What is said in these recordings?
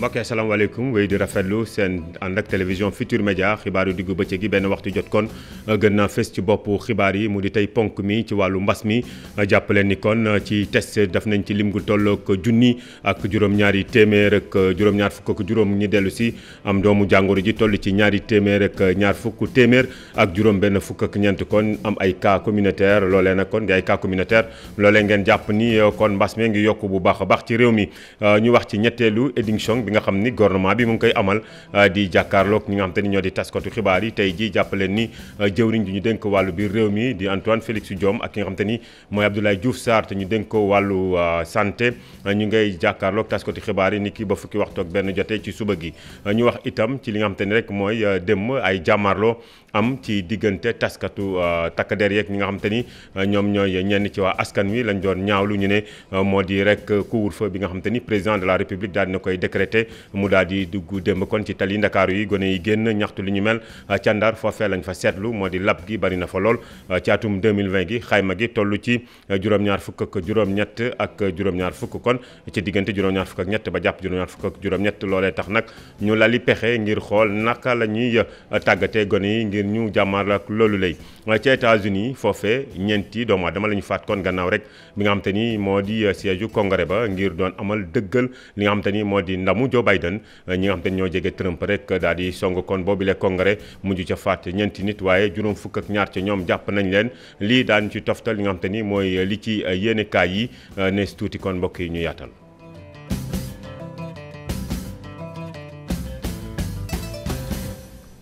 mbokk yi asalaamaaleykum wéy di rafetlu seen ànd ak télévision Futur Média xibaar yu diggu bëccëg gi benn waxtu jot kon euh, gën naa fës ci boppu xibaar yi mu di tey ponk mi ci wàllu mbas mi euh, jàpp leen ni kon euh, ci test def nañ ci lim gu toll ak junni ak juróom téeméer ak juróom-ñaar fukk juróom ñi dellu si am doomu jàngoro ji toll ci ñaari téeméer ñaar fukk téeméer ak juróom benn fukk ak ñeent kon am ay cas communautaire loolee nag kon di ay cas communautaire loolee ngeen jàpp ni kon mbas mi ngi yokk bu baax a baax ci réew mi ñu wax ci ñetteelu édition bi nga xam ni gouvernement bi mu ngi koy amal euh, di jàkkaarloog ñi nga xam te ni ñoo di taskatu xibaar yi tey ji jàppaleen ni euh, jëwriñ ji ñu denk wàllu biir réew mi di Antoine Félix Diome ak ki nga xam te ni mooy Abdoulaye Diouf Sarr ñu dénk ko wàllu euh, santé ñu ngay jàkkaarloog taskatu xibaar yi ni ki ba fukki waxtu benn jotee ci suba gi ñu wax itam ci li nga xam te ni rek mooy démb ay jàmmarloo am ci diggante taskatu takk der yeeg ñi nga xam te ni ñoom ñooy ñenn ci waa askan wi lañ joon doon lu ñu ne moo di rek couvre-feu bi ni président de la république daal dina koy décréter jaxate mu daal di dugg démb kon ci tali ndakaaru yi gone yi génn ñaxtu li ñu mel ca Ndar foofee lañ fa seetlu moo di lab gi bari na fa lool ci gi xayma gi toll ci juróom-ñaar fukk ak juróom-ñett juróom-ñaar fukk kon ci diggante juróom-ñaar fukk ak ñett ba jàpp juróom-ñaar fukk ak juróom-ñett loolee tax nag ñu lali pexe ngir xool naka la ñuy gone yi ngir ñu jàmmaar ak loolu lay ci États-Unis foofee ñeenti doomu aadama la ñu faat kon gannaaw rek bi nga xam te ni moo ba ngir doon amal Joe Biden eh, ñi nga ñoo jege Trump rek eh, daal di song kon boobile congrès mujj ca faat ñeenti nit waaye juróom fukk ak ñaar ca ñoom jàpp nañ leen lii daan ci toftal li nga xam te mooy eh, li ci yéene kaay yi ne tuuti kon mbokk yi ñu yaatal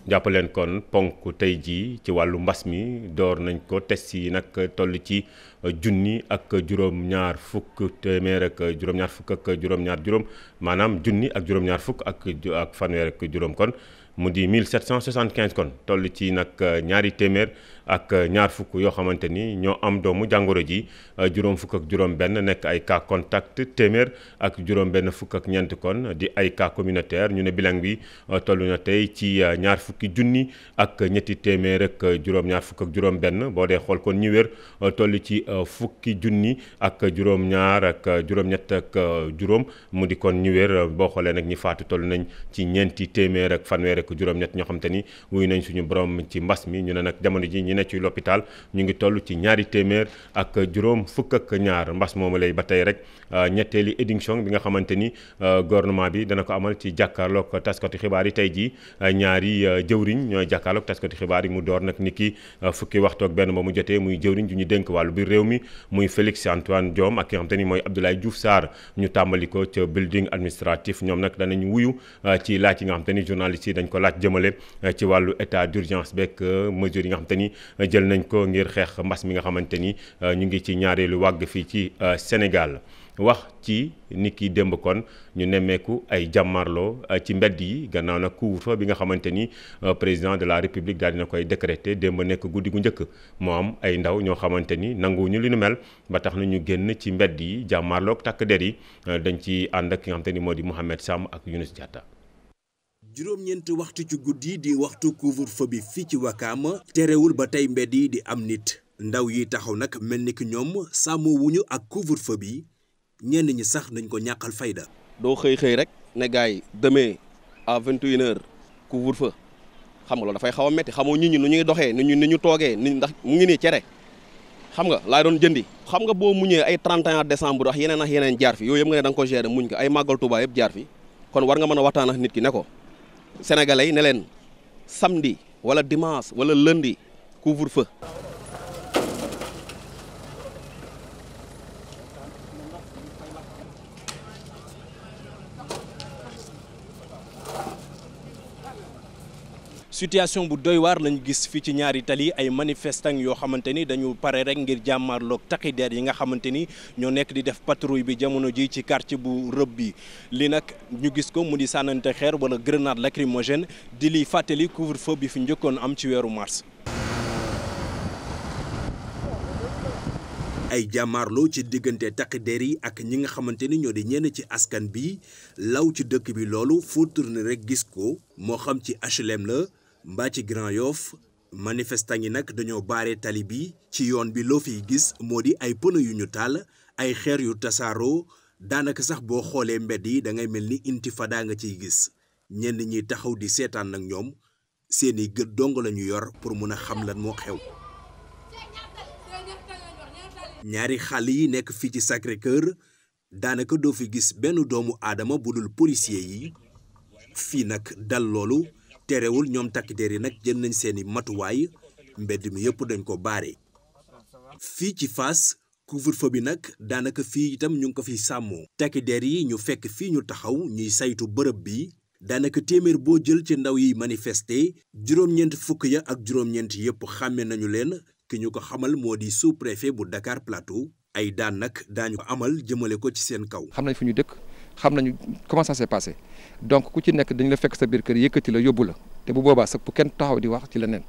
jàppaleen kon ponk tey jii ci wàllu mbas mi door nañ ko test yi nag toll ci euh, junni ak juróom-ñaar fukk téeméer ak juróom-ñaar fukk ak juróom-ñaar juróom maanaam junni ak juróom-ñaar fukk ak ak fanweer ak juróom kon mu di 1775 kon toll ci nag euh, ñaari téeméer ak euh, ñaar fukk yoo xamante ni ñoo am doomu jàngoro ji euh, juróom fukk ak juróom-benn nekk ay cas contact téeméer ak juróom-benn fukk ak ñeenti kon di ay cas communautaire ñu ne bilang bi euh, tollu na tey ci ñaar fukki junni ak ñetti téeméer ak juróom-ñaar fukk ak juróom-benn boo dee xool kon ñu wér toll ci fukki junni ak juróom-ñaar ak juróom-ñett ak juróom mu di kon ñu wér boo xoolee nag ñi faatu toll nañ ci ñeenti téeméer ak fanweer ak juróom-ñett ñoo xamante ni wuyu nañ suñu borom ci mbas mi ñu ne nag jamono ji ne ci l'hôpital ñu ngi toll ci ñaari téeméer ak juróom fukk ak ñaar mbas moomu lay ba tey rek euh, ñetteeli édition bi nga xamante ni euh, gouvernement bi dana ko amal ci jàkkaarloog taskati xibaar yi tey jii euh, ñaari jëwriñ ñooy jàkkaarloog taskati xibaar yi mu door nag ni ki fukki waxtu ak benn ba mu jotee muy jëwriñ ju ñu dénk wàllu biir réew mi muy Félix Antoine Diome ak ki nga xamante ni mooy Abdoulaye Diouf Sarr ñu tàmbali ko ca building administratif ñoom nag danañ wuyu ci laaj yi nga xamante ni journaliste yi dañ ko laaj jëmale ci wàllu état d'urgence beeg mesures yi nga xamante ni jël nañ ko ngir xeex mbas mi nga xamante ni euh, ñu ngi ci ñaareelu wàgg fii ci euh, Sénégal wax ci ni ki démb kon ñu nemmeeku ay jàmmarloo euh, ci mbedd yi gannaaw nag couvre-feu bi nga xamante ni président de la république daal dina koy décréter démb nekk guddi gu njëkk moo am ay ndaw ñoo xamante ni nanguwuñu li nu mel ba tax na ñu génn ci mbedd yi jàmmarloo ak takk der yi dañ ci ànd ak ki nga xamante ni moo di Mouhamed Sam ak Younous Diatta juróom-ñeenti waxtu ci guddi di waxtu couvre-feu bi fii ci Wakaam terewul ba tey mbedd yi di am nit ndaw yi taxaw nag mel ni ki ñoom sàmmoo wuñu ak couvre-feu bi ñenn ñi sax nañ ko ñàkkal fayda. doo xëy xëy rek ne gars yi demain à vingt et une heures couvre-feu xam nga loolu dafay xaw a métti xamoo nit ñu nu ñuy doxee ni ñu ni ñu toogee ni ndax mu ngi nii cere xam nga laa doon jëndi. xam nga boo muñee ay 31 décembre ak yeneen ak yeneen jaar fi yooyu yëpp nga ne da ay màggal Tuubaa yëpp jaar fi kon war nga mën a waxtaan ak nit ki ne ko. sénégalais yi ne leen samedi wala dimanche wala lundi couvre-feu situation bu doy waar lañu gis fii ci ñaari tali ay manifestants yoo xamante ni dañu pare rek ngir jàmmaarlook takki yi nga xamante ni ñoo nekk di def patrouille bi jamono ji ci quartier bu rëbb bi li nag ñu gis ko mu di sànnante xeer wala grenade lacrymogène di liy fàttali couvre-feu bi fi njëkkoon am ci weeru mars. ay jàmmaarloo ci diggante takk yi ak ñi nga xamante ni ñoo di ñenn ci askan bi law ci dëkk bi loolu foo tourné rek gis ko moo xam ci HLM la mbaa ci Grand Yoff manifestant nag dañoo baare tali bi ci yoon bi loo fiy gis moo di ay pneu yu ñu taal ay xeer yu tasaaroo daanaka sax boo xoolee mbedd yi dangay mel ni inti intifada nga ciy gis ñenn ñi taxaw di seetaan nag ñoom seeni gët dong lañu yor pour mun a xam lan moo xew. ñaari xàll yi nekk fii ci Sacré kër daanaka doo fi gis benn doomu aadama bu dul policier yi fii nag dal loolu. terewul ñoom takk yi nag jël nañ seeni matuwaay mbedd mi yëpp dañ ko baare fii ci fas couvre-feu bi nag daanaka fii itam ñu ngi ko fi sàmmoo takk yi ñu fekk fii ñu taxaw ñuy saytu bërëb bi daanaka téeméer boo jël ci ndaw yi manifester juróom fukk ya ak juróom yëpp xàmme nañu leen ki ñu ko xamal moo di sous-préfet bu Dakar Plateau ay daan nag daañu ko amal jëmale ko ci seen kaw. xam nañ fu ñu dëkk. xam nañu comment ça s'est passé donc ku ci nekk dañu la fekk sa biir kër yëkkati la yóbbu la te bu boobaa sax bu kenn taxaw di wax ci leneen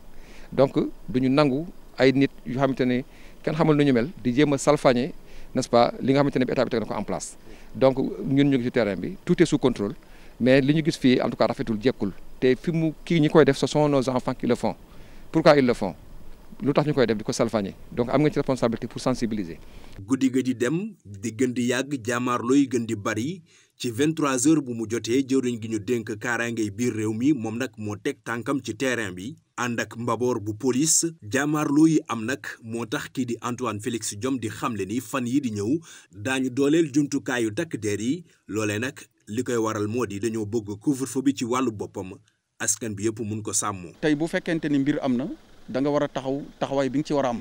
donc duñu nangu ay nit yu xamante ne kenn xamul nu ñu mel di jéem a salfaañe n'est-ce pas li nga xamante ne bi état bi teg ko en place donc ñun ñu ngi ci terrain bi tout est sous mais li ñu gis fii en tout cas rafetul jekkul te fi mu kii ñi koy def ce sont nos enfants qui le pour pourquoi ils le font lu tax ñu koy def di ko salfaañe donc am nga ci responsabilité pour sensibiliser. guddi ga di dem di gën di yàgg jaamaarloo yi gën di bari ci 23h bu mu jotee jëwriñ gi ñu dénk kaaraangey biir réew mi moom nag moo teg tànkam ci terrain bi ànd ak mbaboor bu police jaamaarloo yi am nag moo tax kii di Antoine Félix Diome di xamle ni fan yi di ñëw daañu dooleel jumtukaayu takk der yi loolee nag li koy waral moo di dañoo bëgg couvre-feu bi ci wàllu boppam askan bi yëpp mun ko sàmm. tey bu fekkente ni mbir am na. da nga war a taxaw taxawaay bi nga ci war a am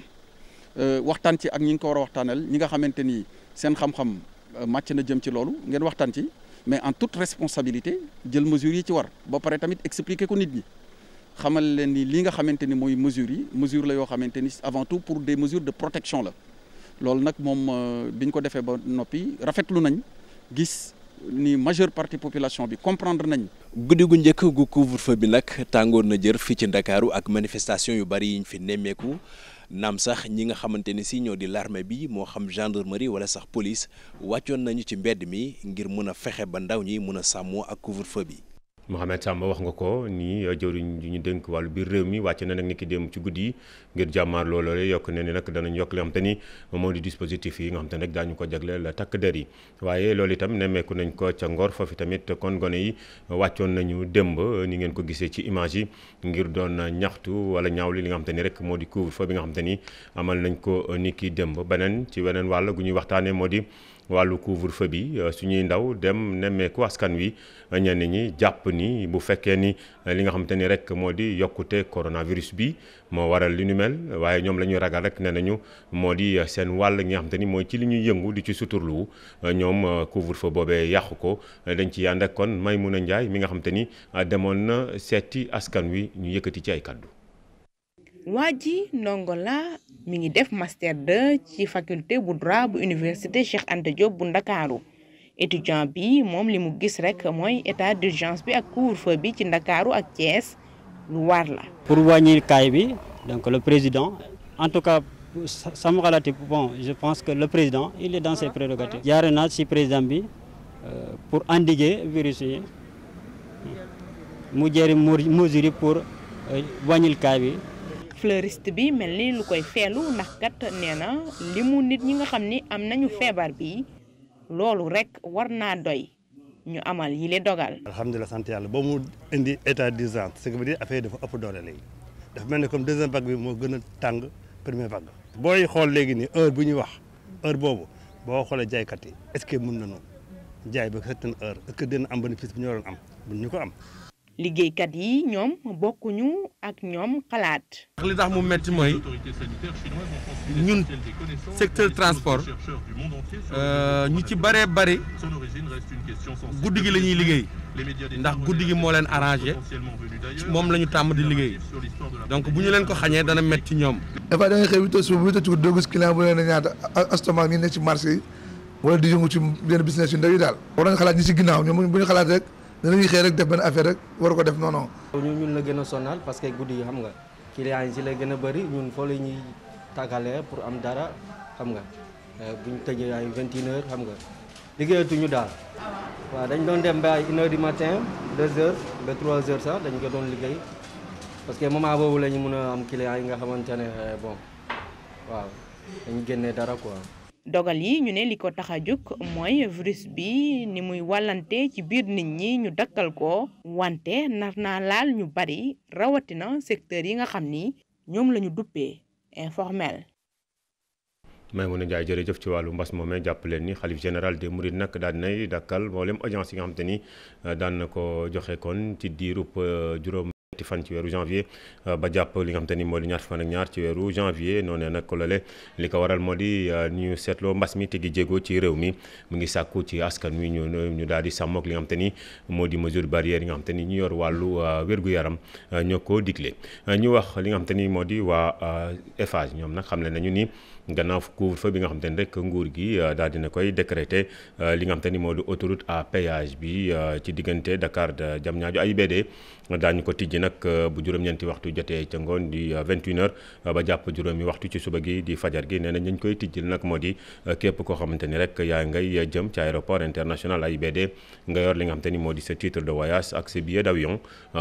euh, waxtaan ci ak ñi nga ko war a waxtaanal ñi nga xamante ni seen xam-xam euh, màcc na jëm ci loolu ngeen waxtaan ci mais en toute responsabilité jël mesures yi ci war ba pare tamit expliquer ko nit ñi xamal leen ni li nga xamante ni mooy mesures yi mesures la yoo xamante ni avant tout pour des mesures de protection la loolu nag moom euh, bi ñu ko defee ba noppi rafetlu nañ gis ni majeure partie population bi comprendre nañ guddi gu njëkk gu couvre-feu bi nag tàngoor na jër fii ci ndakaaru ak manifestation yu bari ñu fi nemmeeku naam sax ñi nga xamante ni si ñoo di l'armée bi moo xam gendarmerie wala sax police wàccoon nañu ci mbedd mi ngir mën a fexe ba ndaw ñi mën a sàmmoo ak couvre-feu bi Mohamed Samba wax nga ko nii ni euh, jëwriñ ñu dénk wàllu biir réew mi wàcc na nag niki démb ci guddi yi ngir jàmmaar looloo yokk ne ni nag danañ yokk li nga xam te ni moo di dispositif yi nga xam te nag daañu ko la takk der yi waaye loolu itam nemmeeku nañ ko ca Ngor foofu tamit kon gone yi wàccoon nañu démb euh, ni ngeen ko gisee ci image yi ngir doon ñaxtu wala ñaawli li nga xam te ni rek moo di couvre-feu bi nga xam te ni amal nañ ko euh, niki démb beneen ci weneen wàll ñuy waxtaanee moo di wàllu couvre-feu bi euh, suñuy ndaw dem nemmeeku askan wi ñenn ñi jàpp ni bu fekkee ni euh, li nga xamante ni rek moo di yokkute coronavirus bi moo waral li nu mel waaye ñoom la ñuy ragal rek nee nañu moo di euh, seen wàll gi nga ni mooy ci li ñuy yëngu di ci suturlu ñoom couvre-feu boobee yàqu ko dañ ci ànd ak kon a Ndiaye mi nga xamante ni demoon na seeti askan wi ñu yëkkati ci ay kàddu waa ji ndongo la mi ngi def master 2 ci faculté bu droit bu université Cheikh Anta bu ndakaaru étudiant bi moom li mu gis rek mooy état d'urgence bi ak couvre-feu bi ci ndakaaru ak Thiès lu war la. pour wàññi kaay bi donc le président en tout cas sama xalaati bon je pense que le président il est dans ses prérogatives. si président bi euh, pour endiguer virus yi mu jëri mesures yi pour euh, wàññil kaay bi. fleuriste bi mel ni lu koy feelu ndax kat nee na li nit ñi nga xam ni am nañu feebar bi loolu rek war naa doy ñu amal yi le dogal. alhamdulilah sant yàlla ba mu indi état d'urgence ce qui veut dire affaire dafa ëpp doole léegi dafa mel ni comme deuxième vague bi moo gën a tàng première vague. booy xool léegi ni heure bu ñuy wax heure boobu boo xoolee jaaykat yi est-ce que mën nañu jaay ba certaine heure est-ce am bénéfice bu am bu ñu ko am. liggéeykat yi ñoom bokkuñu ak ñoom xalaat. li tax mu metti mooy ñun secteur transport euh, ñu ci bëree bëri guddi gi la ñuy liggéey ndax guddi gi moo leen arrangé moom la ñu tàmm di liggéey donc bu ñu leen ko xañee dana metti ñoom. dafa da ngay xëy huit bu huit heures doo gis client bu leen ñaata astomac ñi ne ci marché yi wala di yëngu ci yenn business yu ndaw yi daal. war nañu xalaat ñi ci ginnaaw ñoom bu ñu xalaat rek. danañuy xëy rek def benn affaire rek war ko def non non. ñun ñun la gën a sonal parce que guddi yi xam nga client yi si lay gën a bëri ñun foo la ñuy tàggalee pour am dara xam nga euh, bu ñu tëjee ay vingt et une xam nga liggéeyatuñu daal. waaw dañ doon dem ba ay une heure du matin deux heures ba trois heures sax dañ ko doon liggéey parce que moment boobu la ñu mën a am client yi nga xamante ne euh, bon waaw dañ génne dara ko dogal yi ñu ne li ko tax a jóg mooy virus bi ni muy wàllante ci biir nit ñi ñu dakkal ko wante nar naa laal ñu bari rawatina secteur yi nga xam ni ñoom la ñu duppee informel. Maimouna Ndiaye jëf ci wàllu mbas moomee jàpp leen ni xalif général des Mourides nag daan nay dakkal mboolem agence yi nga xam ni daan na ko joxe kon ci diirub euh, juróom. ñetti fan ci weeru janvier euh, ba jàpp li nga xamante ni moo di ñaar fan ak ñaar ci weeru janvier noo ne nag loolee li ko waral moo di euh, ñu seetloo mbas mi tegi jéego ci réew mi mu ngi sàkku ci askan wi ñu ñu daal di sàmmook li nga xamante ni moo di mesure barrière yi nga xamante ni ñu yor wàllu euh, wér-gu-yaram ñoo ko digle ñu wax li nga xamante ni moo di waa Eiffage ñoom nag xamle nañu nii gannaaw couvre-feu bi nga xam te ni rek nguur gi euh, daal dina koy décréter euh, li nga xam ni moo di autoroute à péage bi euh, ci diggante Dakar jam Diamniadio AIBD daañu ko tijji nag bu juróom-ñeenti waxtu jotee ca ngoon di 21h ba jàpp juróomi waxtu ci suba gi di fajar gi nee na ñu koy tijjil nag moo di képp koo xamante ni rek yaa ngay jëm ci aéroport international AIBD nga yor li nga xam te ni moo di sa titre de voyage ak sa billet d'avion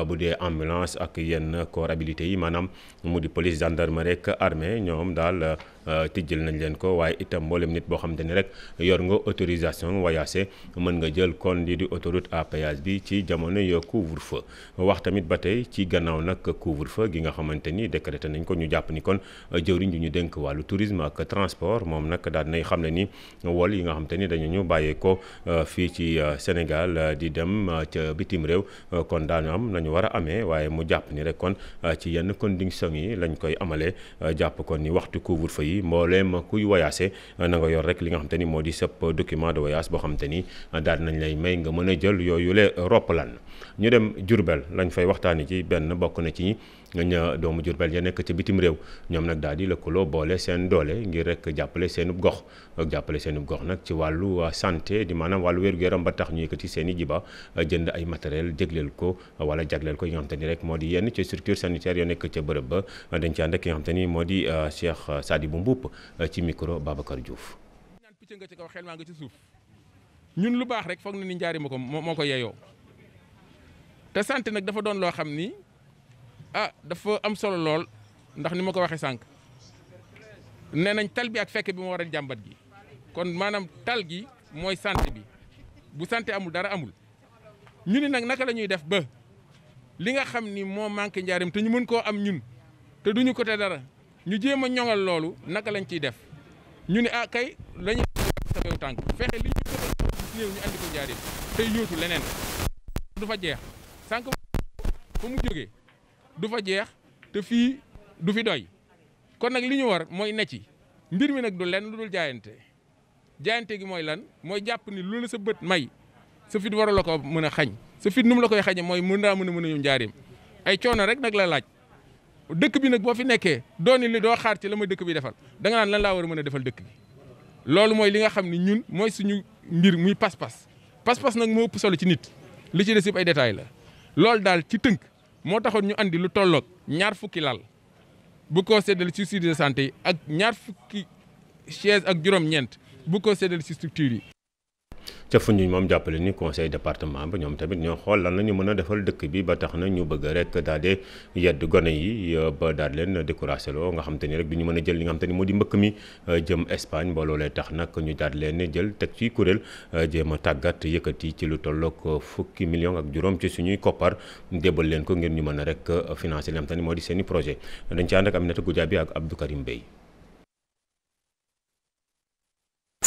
bu dee ambulance ak yenn corps yi maanaam mu di police gendarmerie ak ñoom daal. Euh, tijjal nañ leen ko waaye itam mboolem nit boo xamante ni rek yor nga autorisation voyager mën nga jël kon lii di autoroute à péage bi ci jamono yoo couvre-feu wax tamit ba tey ci gannaaw nag couvre-feu nga xamante ni décrété nañ ko ñu jàpp ni kon jëwriñ ju ñu dénk wàllu tourisme ak transport moom nag daal nay xam ne ni wol yi nga xamante ni dañu ñu bàyyeekoo euh, fii ci euh, Sénégal di dem bitim réew kon daanu am nañu war a amee waaye mu jàpp ni rek kon ci yenn conditions yi lañ koy amalee jàpp kon ni waxtu couvre-feu yi bi mbooleem kuy voyagé euh, na nga yor rek li nga xam te ni moo di sëpp document de voyage boo xam ni euh, daal nañ lay may nga mën a jël yooyu le roppalaan ñu dem Jurbel lañ fay waxtaani ci benn bokk na ci ña doomu Jurbel ya nekk ca bitim réew ñoom nag daal di lëkkaloo boole seen doole ngir rek jàppale seenub gox jàppale seenub gox nag ci wàllu santé di maanaam wàllu wér-gu-yaram ba tax ñu yëkkati seen i jiba jënd ay matériel jégleel ko wala jagleel ko yi nga xam te ni rek moo di yenn ci structure sanitaire yo nekk ca bërëb ba dañ ci ànd ak yi nga xam te ni moo di euh, Cheikh Sadibou Mboup euh, ci micro Babacar Diouf ñaan nga ci kaw xel maa nga ci suuf ñun lu baax rek foog na ni njaari ma ko moo ko yeyoo te santé nag dafa doon loo xam ni ah dafa am solo lool ndax ni ma ko waxee sànq nee nañ tal bi ak fekk bi moo war a jàmbat gi kon maanaam tal gi mooy santé bi bu santé amul dara amul ñu ni nag naka lañuy def ba li nga xam ni moo manqué njaarim te ñu mën koo am ñun te duñu ko te dara ñu jéem a ñoŋal loolu naka lañ ciy def ñu ni ah kay la ñuy sabew fexe li ñu néew ñu njaarim tey yóotu leneen du jeex sànq fa mu jógee du fa jeex te fii du fi doy kon nag li ñu war mooy ne ci mbir mi nag du lenn lu dul jaayante jaayante gi mooy lan mooy jàpp ni loolu sa bët may sa fit war la ko mën a xañ sa fit nu mu la koy xañe mooy mën naa mën a mën a ñu njaareem ay coono rek nag la laaj dëkk bi nag boo fi nekkee dooni li doo xaar ci la ma dëkk bi defal da nga naan lan laa war a mën a defal dëkk bi loolu mooy li nga xam ni ñun mooy suñu mbir muy pas-pas pas-pas nag moo ëpp ci nit li ci des yëpp ay détails la loolu daal ci tënk moo taxoon ñu indi lu tolloog ñaar fukki lal bu ko séddale ci structure de santé yi ak ñaar fukki chaise ak juróom-ñeent bu ko séddale ci structure yi. ca Foundiougne moom jàppale ni conseil département ba ñoom tamit ñoo xool lan la ñu mën a defal dëkk bi ba tax na ñu bëgg rek daal di yedd gone yi euh, ba daal leen découragé loo nga xam te ni rek du ñu mën a jël li nga xam ni moo di mbëkk mi euh, jëm Espagne ba loolee tax nag ñu daal leen jël teg ci kuréel euh, jéem a tàggat yëkkati ci lu tollook fukki million ak juróom ci suñuy koppar débal leen ko ngir ñu mën a rek financer li nga xam ni moo di seeni projet dañ ci ànd ak Aminata Goudiaby ak Abdou Karim Bey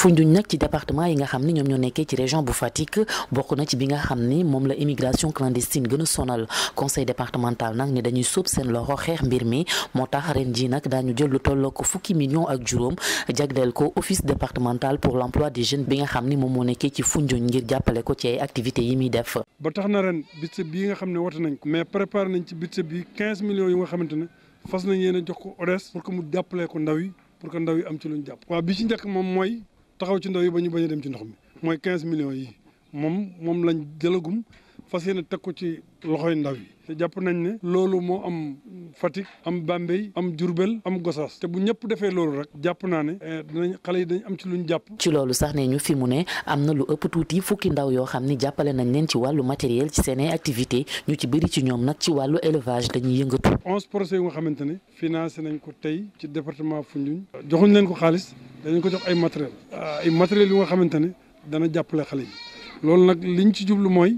Foundiougne nag ci département yi nga xam ni ñoom ñoo nekkee ci région bu Fatick bokk na ci bi nga xam ni moom la immigration clandestine gën a sonal conseil départemental nag ni dañuy sóob seen loxo xeex mbir mi moo tax ren ji nag daañu jël lu tolloo ko fukki million ak juróom jagleel ko office départemental pour l'emploi des jeunes bi nga xam ni moom moo nekkee ci Foundiougne ngir jàppale ko ci ay yi muy def. ba tax na ren budget bii nga xam ne woote nañ ko. mais préparé nañ ci budget bi 15 millions yu nga xamante ne fas nañ yéen a jox ko ODES pour que mu jàppalee taxaw ci ndaw yi ba ñu bañ a dem ci ndox mi mooy quinze millions yi moom moom lañ jëlagum fas yéene teg ko ci loxoy ndaw yi jàpp nañ ne loolu moo am Fatick am Bambey am Diourbel am Gossas te bu ñëpp defee loolu rek jàpp naa ne eh, dinañ xale yi dañ am ci luñ jàpp. ci loolu sax ne ñu fi mu ne am na lu ëpp tuuti fukki ndaw yoo xam ne jàppale nañ leen ci wàllu matériel ci seen ay ci bëri ci ñoom nag ci wàllu élevage dañuy yëngatu. onze projets yu nga xamante ne financé nañ ko tey ci département Foundiougne joxuñ leen ko xaalis dañu ko jox ay matériel ah, ay matériel yu xamante ne dana jàppale xale yi loolu nag liñ ci jublu mooy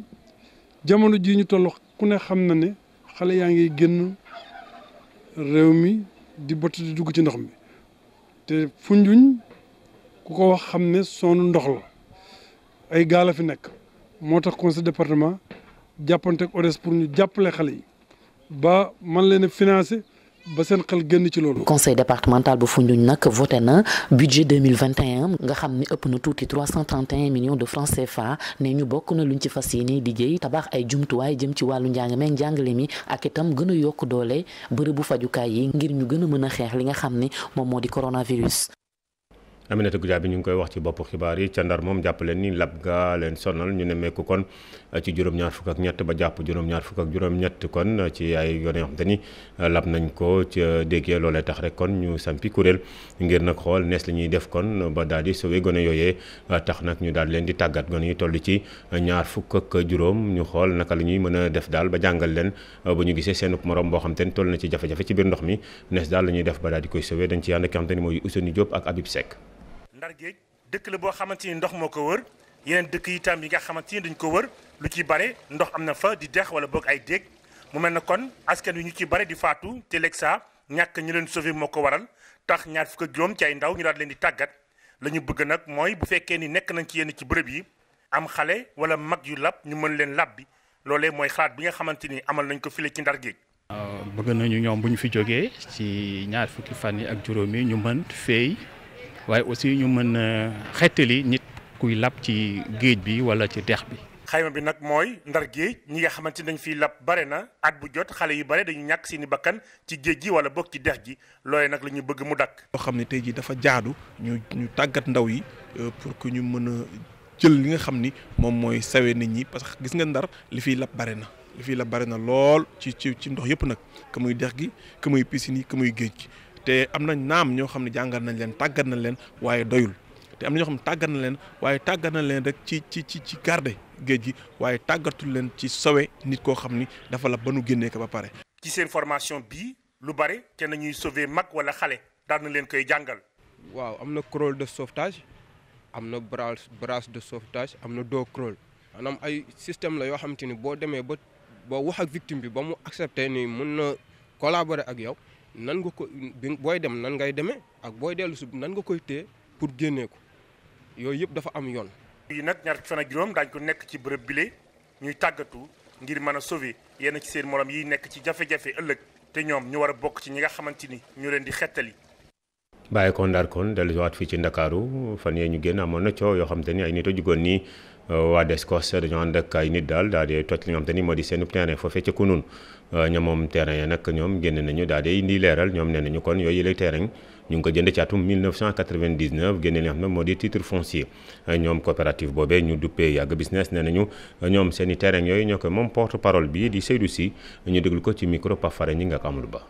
jamono jii ñu toll ku ne xam na ne xale yaa ngi génn réew mi di bott di ci ndox mi te funjuñ ku ko wax xam ne soonu ndox ay gaal a fi nekk moo tax conseil département jàppante ak ODES pour ñu jàppale xale yi ba man leen a financer ba seen xel génn ci loolu. conseil départemental bu Foundiougne nag voté na budget deux mille vingt et nga xam ne ëpp na tuuti trois cent trente et un millions de francs CFA ne ñu bokk na luñ ci fas yéene liggéey tabax ay jumtuwaay jëm ci wàllu njàng meeg njàngale mi ak itam gën a yokk doole bërëbu fajukaay yi ngir ñu gën a mën a xeex li nga xam ni moom moo di coronavirus. Aminata Goudiaby ñu ngi koy wax ci boppu xibaar yi ca Ndar moom jàpp leen ni lab ga leen sonal ñu ne mekku kon ci juróom-ñaar fukk ak ñett ba jàpp juróom-ñaar fukk ak juróom-ñett kon ci ay yoon yoo ni lab nañ ko ca déggee loolee tax rek kon ñu sampi kuréel ngir nag xool nees la ñuy def kon ba daal di sauvé gone yooyee tax nag ñu daal leen di tàggat gone yi toll ci ñaar fukk ak juróom ñu xool naka la ñuy mën a def daal ba jàngal leen bu ñu gisee seen morom boo xam te ni toll na ci jafe-jafe ci biir ndox mi nees daal la ñuy def ba daal di koy sauvé dañ ci ànd ak ki xam te ni mooy Ousseynou Diop ak Habib Seck Ndar géej dëkk la boo xamante ni ndox moo ko wër yeneen dëkk yi itam yi nga xamante ni dañ ko wër lu ci bare ndox am na fa di dex wala boog ay déeg mu mel ne kon askan wi ñu ci bare di faatu te leeg ñakk ñu leen sauvé moo ko waral tax ñaar fukk ak juróom ci ay ndaw ñu daal leen di tàggat la ñu bëgg nag mooy bu fekkee ni nekk nañ ci yenn ci bërëb yi am xale wala mag yu lab ñu mën leen lab bi loole mooy xalaat bi nga xamante ni amal nañ ko file ci Ndar géej bëgg nañu ñoom fi jógee waaye aussi ñu mën a xettali nit kuy lab ci géej bi wala ci dex bi. xayma bi nag mooy ndar géej ñi nga xamante ni dañ fiy lab bare na at bu jot xale yi bare dañu ñàkk seeni bakkan ci géej gi wala bokk ci dex gi loolee nag la bëgg mu dakk loo xam ne tey jii dafa jaadu ñu ñu tàggat ndaw yi euh, pour que ñu mën a jël li nga xam ni moom mooy sawe nit ñi parce que gis nga ndar li fiy lab bare na li fi lab bare na lool ci ci ci ndox yëpp nag que muy dex gi que muy piscine yi géej te am nañ naam ñoo xam ne jàngal nañ leen tàggat nañ leen waaye doyul te am na ñoo xam ne tàggat nañ leen waaye tàggat na leen rek ci ci ci ci garder géej gi waaye tàggatul leen ci sowe nit koo xam ni dafa la ba nu génnee ko ba pare. ci seen formation bii lu bare te nañuy sauver mag wala xale daan na leen koy jàngal. waaw am na crawl de sauvetage am na brasse brasse de sauvetage am na doo crawl maanaam ay système la yoo xamante ni boo demee ba boo wax ak victime bi ba mu accepté ni mën na collaborer ak yow. nan nga ko booy dem nan ngay demee ak booy dellu si nan nga koy téye pour génnee ko yooyu yëpp dafa am yoon. yi nag ñaar fan ak juróom daañu ko nekk ci bërëb bile ñuy tàggatu ngir mën a sauver yenn ci seen morom yi nekk ci jafe-jafe ëllëg te ñoom ñu war a bokk ci ñi nga xamante ni ñu leen di xettali. bàyyi ko ndar kon dellusiwaat fii ci ndakaaru fan yee ñu génn amoon na coow yoo xam ni ay nit a jugoon nii waa DSCOS dañoo ànd ak ay nit daal daal di toj li nga xam te ni moo di seen terrain foofee Euh, ñoom moom terrain ya nag ñoom génn nañu daal di indi leeral ñoom nee nañu kon yooyu la terrain ñu ngi ko jënd ci atum génne li xam ne moo di titre foncier euh, ñoom coopérative boobee ñu duppee yàgg business nee nañu euh, ñoom seen i terrain ñoo ko moom porte parole bi di Seydou Sy ñu déglu ko ci micro Pafare ñi nga ko amul ba.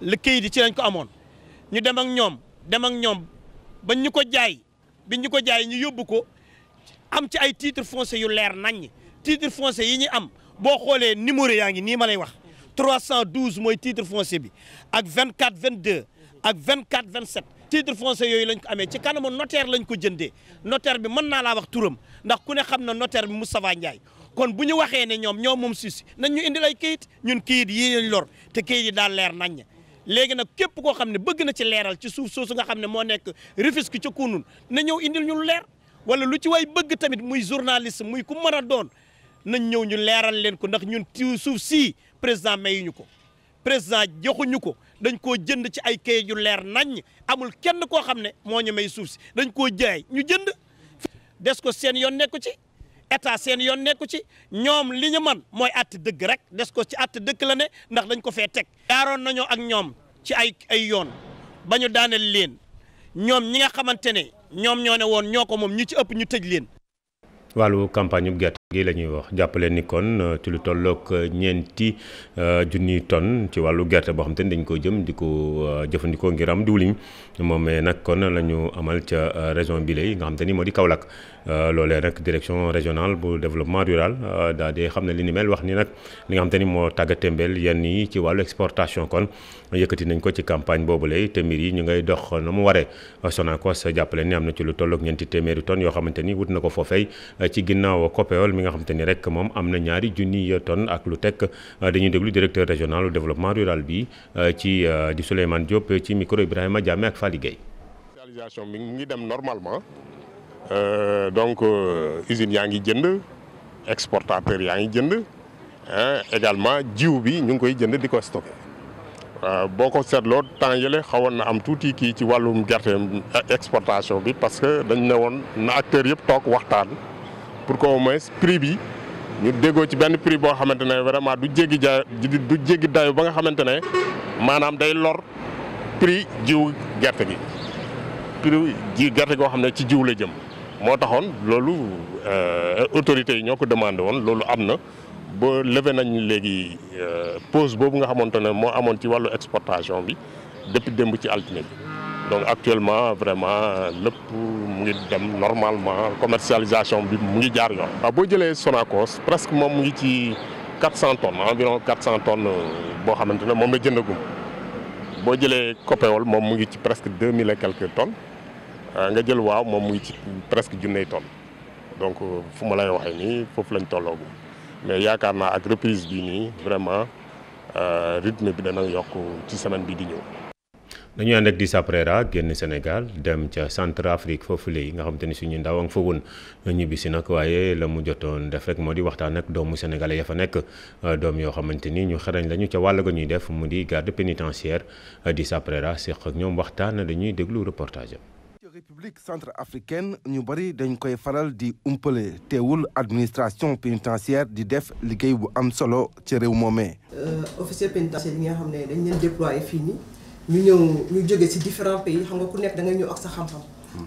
la kayit yi ci lañ ko amoon ñu dem ñoom dem ñoom ba ñu ko jaay bi ñu ko jaay ñu yóbbu ko am ci ay titre foncier yu leer naññ titre foncier boo xoolee numéro yaa ngi nii ma lay wax 312 mooy titre foncé bi ak 24 22 ak 24 27 titre foncé yooyu lañ ko amee ci kanamu notaire lañ ko jëndee notaire bi mën naa laa wax turam ndax ku ne xam na notaire bi Moustapha Ndiaye kon bu ñu waxee ne ñoom ñoom moom suuf si nañ ñu indil ay kayit ñun kayit yii lañ lor te kayit yi daal leer nañ léegi nag képp koo xam ne bëgg na ci leeral ci suuf soosu nga xam ne moo nekk Rufisque ca Kounoune na ñëw indil ñu leer wala lu ci way bëgg tamit muy journaliste muy ku mën a doon nañ ñëw ñu leeral leen ko ndax ñun ti suuf sii président mayuñu ko président joxuñu ko dañ koo jënd ci ay kayit yu leer naññ amul kenn koo xam ne moo ñu may suuf si dañ koo jaay ñu jënd des ko seen yoon nekku ci état seen yoon nekku ci ñoom li ñu man mooy atti dëgg rek des ko ci atti dëkk la ne ndax dañ ko fee teg jaaroon nañoo ak ñoom ci ay ay yoon ba ñu daaneel leen ñoom ñi nga xamante ne ñoom ñoo ne woon ñoo ko moom ñu ci ëpp ñu tëj leen wàllu campagne bu gerte lii la ñuy wax jàppale ni kon euh, ci lu tollook euh, ñeenti euh, junniy tonne ci wàllu gerte boo xam te ni dañ ko jëm di ko jëfandikoo ngir am diwliñ moom mais nag kon la ñu amal ca région bi lay nga xam te ni moo di Kaolack loolee nag direction régionale bu développement rural daal xam ne li ni mel wax ni nag li nga xam te ni moo tàggatémbeel yenn yi ci wàllu exportation kon yëkkati nañ ko ci campagne boobule te mbir yi ñu ngay dox na mu waree Sonacos jàppale ni am na ci lu tollook ñeenti téeméeri ton yoo xamante ni wut na ko foofee ci ginnaaw COPEOL mi nga xamante ni rek moom am na ñaari junniy tonnes ak lu tek dañu déglu directeur régional développement rural bi ci di Souleymane Diop ci micro Ibrahima Diame ak Fally Gueye réalisation bi mu ngi dem normalement euh, donc euh, usines yaa ngi jënd exportateurs yaa ngi jënd également jiw bi ñu ngi koy jënd ko stocké Euh, boo ko seetloo temps yële xawoon na am tuuti kii ci wàllum gerte euh, exportation bi parce que dañ ne woon na acteurs yëpp toog waxtaan pour que au moins prix bi ñu déggoo ci benn prix boo xamante ne vraiment du jéggi jaay du jéggi dayo ba nga xamante ne maanaam day lor prix jiw gerte gi prix ji gerte goo xam ne ci jiw la jëm moo taxoon loolu euh, autorités yi ñoo ko demande woon loolu am na ba levee nañ léegi euh, pause boobu nga xamante ne moo amoon ci wàllu exportation bi depuis démb ci altine bi donc actuellement vraiment lépp mu ngi dem normalement commercialisation bi mu ngi jaar yoon. waaw boo jëlee sonakos presque moom mu ngi ci 400 tonnes environ 400 tonnes euh, boo xamante ne moom la jëndagum boo jëlee Copéol moom mu ngi ci presque 2000 et quelques tonnes euh, nga jël waaw moom mu ngi ci presque junney tonnes donc fu ma lay waxee nii foofu lañ tolloogum. mais yaakaar naa ak reprise bi nii vraiment euh, rythme bi dana yokk ci semaine bi di ñëw. dañuy ànd ak di Saprera génn Sénégal dem ca Centrafrique foofu léegi nga xam te ni suñu ndaw a nga fa woon ñibbisi nag waaye la mu jotoon def rek moo di waxtaan ak doomu sénégalais ya fa nekk euh, doom yoo xamante ni ñu xarañ lañu ca wàll ga ñuy def mu di garde pénitentiaire di Saprera seq ak ñoom waxtaan dañuy déglu reportage république centrafricaine ñu bëri dañ koy faral di umpale teewul administration pénitentiaire di def liggéey bu am solo ci réew moomee. Euh, officier pénitentiaire yi nga xam ne dañ leen déployé fii nii ñu ñëw ñu jóge ci différents pays xam nga ku nekk da nga ñëw ak sa xam-xam.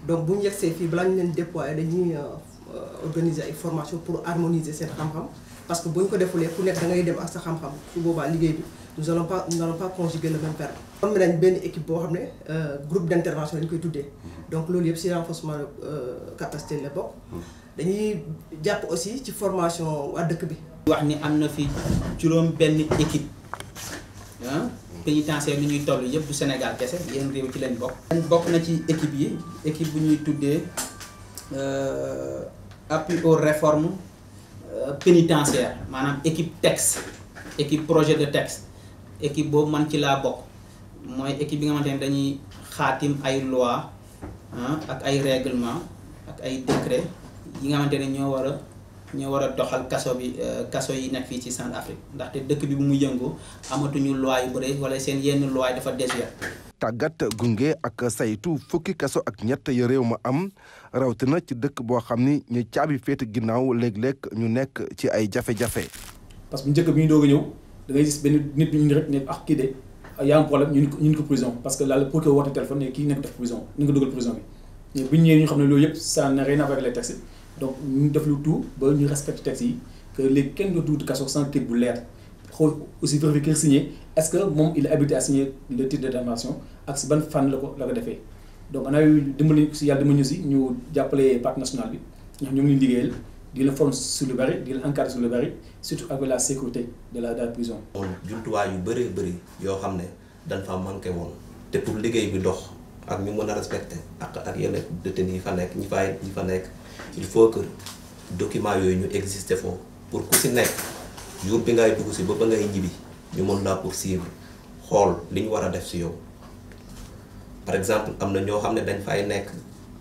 donc bu ñu yegsee fii balaa ñu leen déployé dañuy euh, organiser ay formation pour harmoniser seen xam-xam. parce que bu ñu ko defulee ku nekk da dem ak sa xam-xam su boobaa liggéey bi nous allons pas nous allons pas conjuguer le même verbe. formé nañ benn équipe boo xam ne euh, groupe d' intervention lañ koy tuddee mhm. donc loolu yëpp si renforcement euh, capacité la bokk. Mhm. dañuy jàpp aussi ci formation waa dëkk bi. wax ni am na fi juróom benn équipe mhm. ah pénitentiaire ñuy toll yëpp du Sénégal kese yeneen réew ci leen bokk. leen bokk na ci équipe yi équipe bu ñuy tuddee euh, appui aux réformes. Euh, pénitentiaire maanaam équipe texte équipe projet de texte équipe boobu man ci laa bokk mooy équipe bi nga xamante ne dañuy xaatim ay loi ak ay règlement ak ay décret yi nga xamante ne ñoo war a ñoo war a doxal kaso bi euh, kaso yi nekk fii ci Centrafrique ndaxte dëkk bi bu mu yëngoo amatuñu loi yu bëri wala seen yenn loi dafa désuet tàggat gunge ak saytu fukki kaso ak ñett ya réew ma am rawatina ci dëkk boo xam ni ñu caabi féete ginnaaw léeg-léeg ñu nekk ci ay jafe-jafe. parce que njëkk bi ñu doog a ñëw da ngay gis benn nit ñu rek ne ah kii de yaa am problème ñu ñu ko prison parce que laal pour que woote téléphone ne kii nekk def prison ñu ko dugal prison bi mais bu ñu ñu xam ne loolu yëpp ça n'a rien à voir avec les textes donc ñu def lu tout ba ñu respecte textes yi que kenn dootu wut kaso sans kayit bu leer. xool aussi vérifier signer est-ce que moom il est habitué à signer le de détention ak si ban fànn la ko la ko defee donc ana dimbali si yàlla dimbali ñu si ñu jàppale parc national bi ñoo xam ñoo ngi liggéeyal di la forme su lu bëri di la encadre su lu bëri surtout avec la sécurité de la de la prison. loolu yu bëree bëri yoo xam ne dañ fa manqué woon te pour liggéey bi dox ak ñu mën a respecté ak ak yeneen détenus yi fa nekk ñi fay ñi fa nekk il faut que documents yooyu ñu existé foofu pour ku si nekk. jour bi ngay dugg si ba ba ngay ñibbi ñu mën laa poursuivre xool li ñu war a def si yow par exemple am na ñoo xam ne dañ fay nekk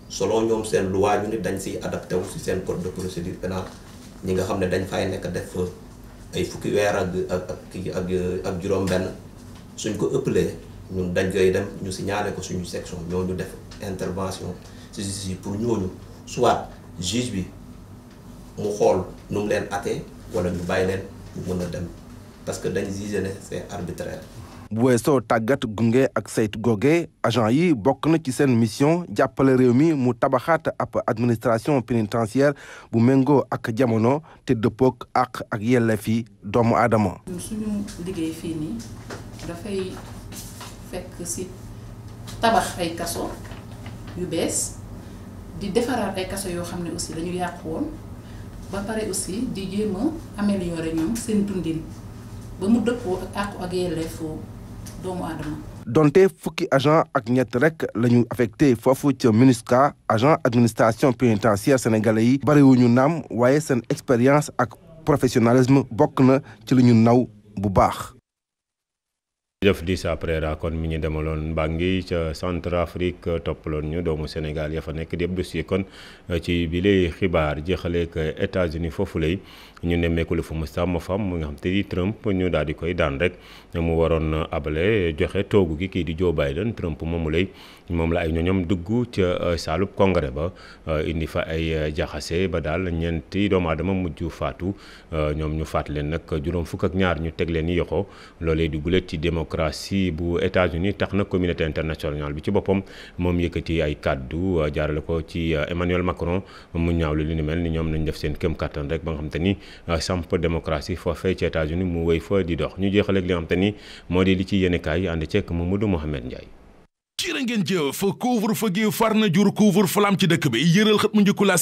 solo ñoom seen loi ñu ni dañ siy adapté wu si seen code de procédure pénale ñi nga xam ne dañ fay nekk def fa ay fukki weer ak ak ak ak juróom-benn suñ ko ëppalee ñun dañ koy dem ñu signalé ko suñu section ñooñu def intervention si si pour ñooñu soit juge bi mu xool nu mu leen atee wala ñu bàyyi leen. mën parce que dañ jugé ne c'est arbitraire. bu weesoo tàggat gunge ak saytu googe agent yi bokk na ci seen mission jàppale réew mi mu tabaxaat ab administration pénitentiaire bu méngoo ak jamono te dëppook àq ak yelleef yi doomu aadama. suñu liggéey fii nii dafay fekk si tabax ay kaso yu bees di defaraat ay kaso yoo xam ne aussi dañu yàq woon. ba donte fukki agent ak ñett rek la ñu affecté foofu ca MINUSCA agent administration pénitentiaire sénégalais yi bariwuñu naam waaye seen expérience ak professionnalisme bokk na ci li ñu naw bu baax. jëf di sa Pereira kon mi ñu demaloon Bangui ca Centrafrique toppaloon ñu doomu Sénégal ya fa nekk di ab dossier kon euh, ci bile xibaar jeexaleeg États-Unis foofu lay ñu nemmeeku lu fa Moustapha Fam mu nga xam te di Trump ñu daal di koy daan rek mu waroon abale joxe toogu gi kii di Joe Biden Trump moomu lay. moom la ay ñoom dugg ca euh, saalub congrès ba euh, indi fa ay euh, jaxase ba daal ñeenti doomu aadama mujj faatu ñoom ñu faat leen nag juróom fukk ak ñaar ñu teg leen yoxo loolee di gulet ci démocratie bu États-Unis tax na communauté internationale bi ci boppam moom yëkkati ay kàddu jaarale ko ci Emmanuel Macron mu ñaawlu lu ni mel ni ñoom nañ def seen këm kàttan rek ba nga xam te ni samp démocratie foofee ci États-Unis mu wéy fa di dox ñu jeexaleeg li nga xam ni moo di li ci yéenekaay ànd ceeg Mamadou Mohamed Ndiaye ngeen jëf couvre-feu gi far na jur couvre-feu ci dëkk bi yëral xët mu njëkku la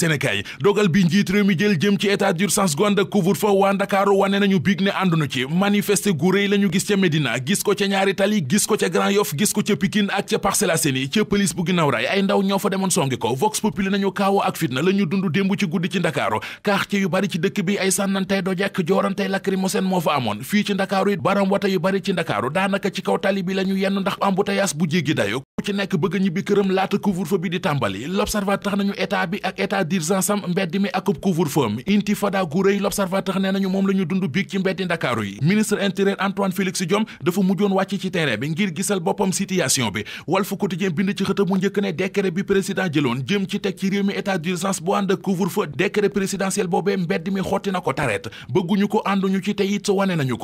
dogal bi njiit réew mi jël jëm ci état d'urgence gu ànd ak couvre-feu waa Ndakaaru wane nañu biig ne àndunu ci manifester gu rëy la ñu gis ca Médina gis ko ca ñaari tali gis ko ca Grand Yoff gis ko ca Pikine ak ca Parcelles Assainies ca police bu ginnaaw ay ndaw ñoo fa demoon songi ko Vox Populi nañu kaawo ak fitna la ñu dund démb ci guddi ci Ndakaaru quartier yu bari ci bi ay sànnantey dojàkk joorantey lacrymogène moo fa fii ci Ndakaaru it baram wata yu bari ci Ndakaaru daanaka ci kaw tali bi la ñu yenn ndax embouteillage bu jéggi dayo ci nekk bëgg ñibbi këram laata couvre-feu bi di tàmbali l'observateur nañu état bi ak état d'urgence mbedd mi ak couvre-feu intifada gu rëy l'observateur nee nañu moom la dund biig ci mbeddi ndakaaru yi ministre intérieur Antoine Félix Diome dafa mujjoon wàcc ci terrain bi ngir gisal boppam situation bi Walf Quotidien bind ci xët mu njëkk ne décret bi président jëloon jëm ci teg ci réew mi état d'urgence bu ànd ak couvre-feu décret présidentiel ko taret bëgguñu ko ànduñu ci te it wane nañu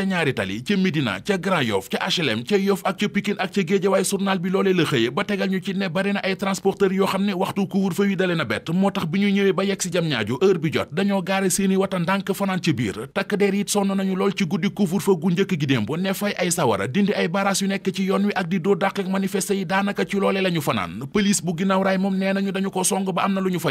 ca ñaari tali ca Médina ca Grand Yoff ca HLM ca Yoff ak ca Pikine ak ca Géejawaay journal bi loolee la ba tegal ñu ci ne bari ay transporteurs yoo xam ne waxtu couvre-feu yi na bett moo tax bi ñu ñëwee ba yegg si jam ñaaju heure bi jot dañoo gaare seeni wata ndànk fanaan ci biir takk der it sonn nañu lool ci guddi couvre-feu gu njëkk gi démb ne fay ay sawara dindi ay barrage yu nekk ci yoon wi ak di doo dàq ak manifester yi daanaka ci loolee la ñu fanaan ko song ba am na lu ñu fa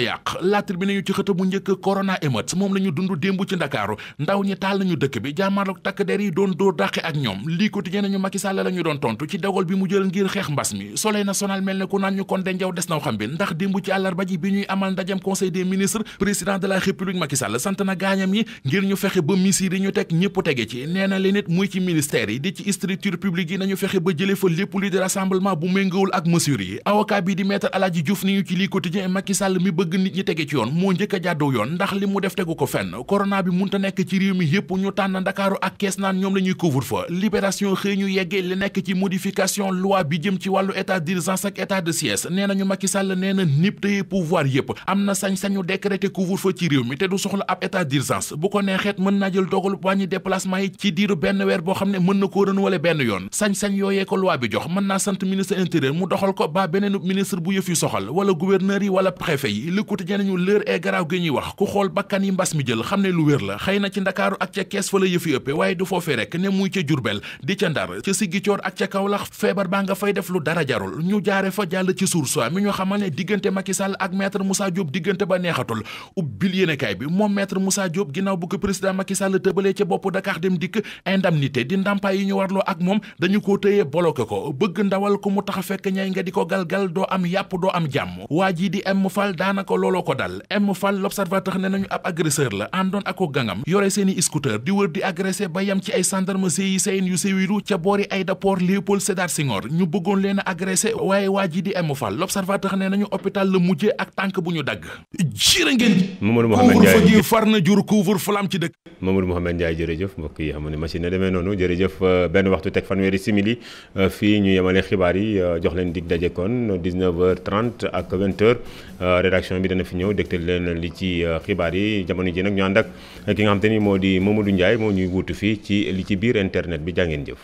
bi der yi doon dóor dàqe ak ñoom lii quotidien nañu Macky Sall doon tontu ci dogal bi mu jël ngir xeex mbas mi soleil national mel ne ku naan ñu kon de des naw xam ndax démb ci àllarba bi ñuy amal ndajam conseil des ministres président de la république Macky sant na gaañam yi ngir ñu fexe ba misir yi ñu teg ñëpp tege ci nee na leen it muy ci ministère yi di ci structure publique yi nañu fexe ba jële fa lépp li di rassemblement bu méngawul ak mesure yi avocat bi di maître Aladji Diouf ni ñu ci lii quotidien Macky Sall mi bëgg nit ñi tege ci yoon a naan ñoom la ñuy couvre-feu libération xëy ñu yeggee li nekk ci modification loi bi jëm ci wàllu état d'urgence ak état de siège nee nañu Macky Sall nee na nip tey pouvoir yépp am na sañ-sañu décréter couvre-feu ci réew mi te du soxla ab état d'urgence bu ko neexeet mën naa jël dogalu wàññi déplacement yi ci diiru benn weer boo xam ne mën na koo renouveler benn yoon sañ-sañ yooyee ko loi bi jox mën naa sant ministre intérieur mu doxal ko ba beneen ministre bu yëf yu soxal wala gouverneur yi yi Le Quotidien nañu l'heure est grave gi ñuy wax ku xool bakkan yi mbas mi jël xam ne lu wér la xëy na ci Ndakaaru ak ca kees fa la foofee rek ne muy ca Jurbel di ca Ndar ca Sigicoor ak ca Kaolack feebar baa nga fay def lu dara jarul ñu jaare fa jàll ci Source A mi ñu xamal ne diggante Macky ak maître Moussa Diop diggante ba neexatul ubbil yéenekaay bi moom maître Moussa Diop ginnaaw bu ko président Macky Sall tëbalee ca bopp Dakar dem dikk indemnité di ndàmpaay yi ñu warloo ak moom dañu ko tëye bloqué ko bëgg ndawal ku mu tax a fekk ñay nga di ko galgal doo am yàpp doo am jàmm waa jii di ko dal M Fall l'observateur ne nañu ab la àndoon ak ko gangam yore seeni ci ay sandarma CICN yu Séwéeru ca boori aéroport Léopold Sédar Senghor ñu bëggoon leen a agressé waaye waa ji di emu fal l'observateur nee nañu hôpital la mujjee ak tànk bu ñu dagg jirë ngeen Mamadou Mohamed Ndiaye couvre-feu na jur couvre-feu am ci dëkk Mamadou Mohamed Ndiaye jërëjëf mbokk yi xam ne machine na deme noonu jërëjëf euh, benn waxtu teg fanweeri simili euh, fii ñu yemale xibaar yi euh, jox leen dig daje kon 19h30 ak 20h bi dana fi ñëw dégtal leen li ci xibaar yi jamono ji nag ñu ànd ak ki nga xam ni moo di Mamadou Ndiaye moo ñuy wuutu fii ci li ci biir internet bi jàngeen jëf